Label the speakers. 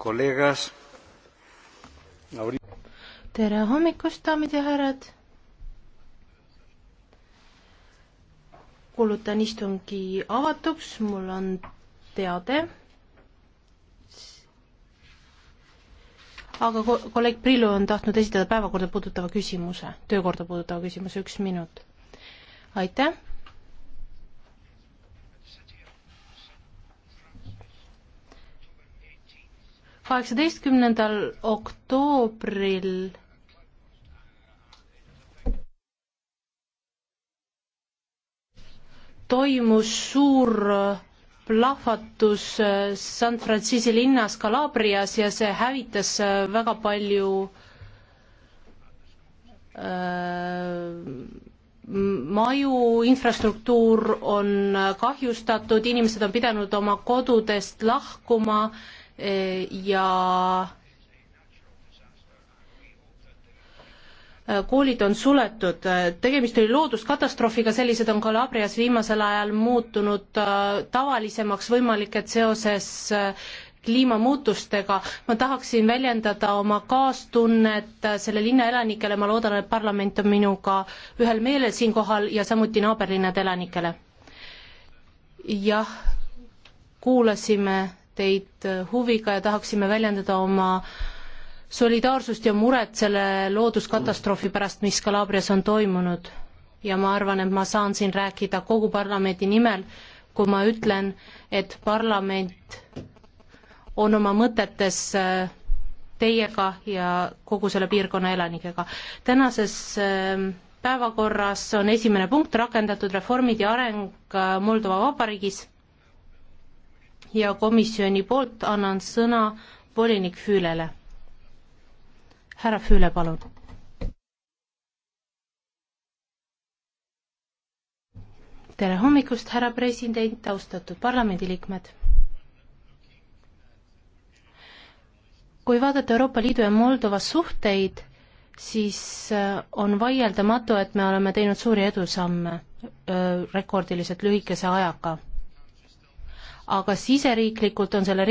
Speaker 1: kollegas. tere hommikust, daamid ja härrad. kuulutan istungi avatuks, mul on teade. aga kolleeg Prillu on tahtnud esitada päevakorda puudutava küsimuse, töökorda puudutava küsimuse, üks minut. aitäh kaheksateistkümnendal oktoobril toimus suur plahvatus San Francisco linnas Kalabrias ja see hävitas väga palju äh, maju infrastruktuur on kahjustatud, inimesed on pidanud oma kodudest lahkuma ja koolid on suletud, tegemist oli looduskatastroofiga, sellised on Kalabrias viimasel ajal muutunud äh, tavalisemaks võimalik, et seoses äh, kliimamuutustega. ma tahaksin väljendada oma kaastunnet äh, selle linna elanikele, ma loodan, et parlament on minuga ühel meelel siinkohal ja samuti naaberlinnade elanikele. jah, kuulasime teid huviga ja tahaksime väljendada oma solidaarsust ja muret selle looduskatastroofi pärast, mis Kalabrias on toimunud. ja ma arvan, et ma saan siin rääkida kogu parlamendi nimel, kui ma ütlen, et parlament on oma mõtetes äh, teiega ja kogu selle piirkonna elanikega. tänases ähm, päevakorras on esimene punkt rakendatud reformid ja areng äh, Moldova Vabariigis ja komisjoni poolt annan sõna volinik Füülele. härra Füüle, palun. tere hommikust, härra president, austatud parlamendiliikmed. kui vaadata Euroopa Liidu ja Moldova suhteid, siis äh, on vaieldamatu, et me oleme teinud suuri edusamme äh, rekordiliselt lühikese ajaga aga siseriiklikult on selle